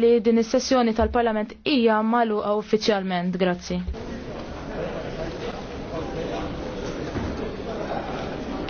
Li din is-sessjoni tal-Parlament hija magħluqa uffiċjalment. Grazzi.